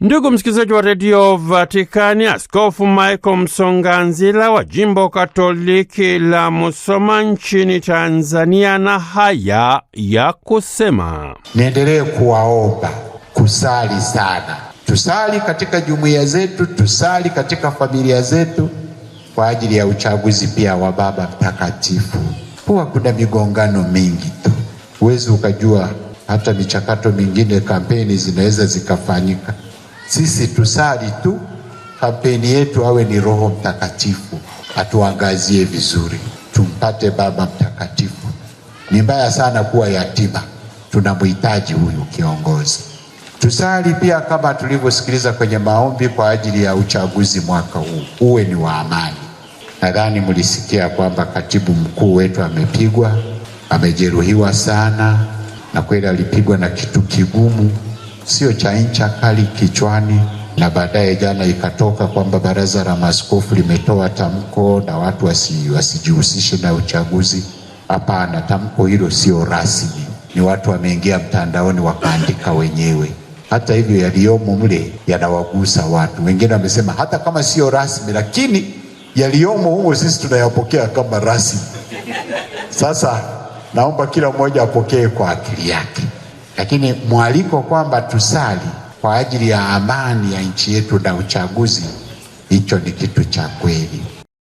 Ndugu msikilizaji wa redio Vatikani, Askofu Michael Msonganzila wa jimbo katoliki la Musoma nchini Tanzania na haya ya kusema: niendelee kuwaomba kusali sana, tusali katika jumuiya zetu, tusali katika familia zetu kwa ajili ya uchaguzi pia wa Baba Mtakatifu. Huwa kuna migongano mingi tu, huwezi ukajua hata michakato mingine, kampeni zinaweza zikafanyika sisi tusali tu, kampeni yetu awe ni Roho Mtakatifu atuangazie vizuri, tumpate Baba Mtakatifu. Ni mbaya sana kuwa yatima, tunamhitaji huyu kiongozi. Tusali pia kama tulivyosikiliza kwenye maombi kwa ajili ya uchaguzi mwaka huu uwe ni wa amani. Nadhani mlisikia kwamba katibu mkuu wetu amepigwa, amejeruhiwa sana, na kweli alipigwa na kitu kigumu sio cha ncha kali kichwani, na baadaye jana ikatoka kwamba baraza la maaskofu limetoa tamko na watu wasi, wasijihusishe na uchaguzi. Hapana, tamko hilo sio rasmi, ni watu wameingia mtandaoni wakaandika wenyewe. Hata hivyo yaliyomo mle yanawagusa watu wengine, wamesema hata kama sio rasmi, lakini yaliyomo humo sisi tunayapokea kama rasmi. Sasa naomba kila mmoja apokee kwa akili yake. Lakini mwaliko kwamba tusali kwa ajili ya amani ya nchi yetu na uchaguzi, hicho ni kitu cha kweli.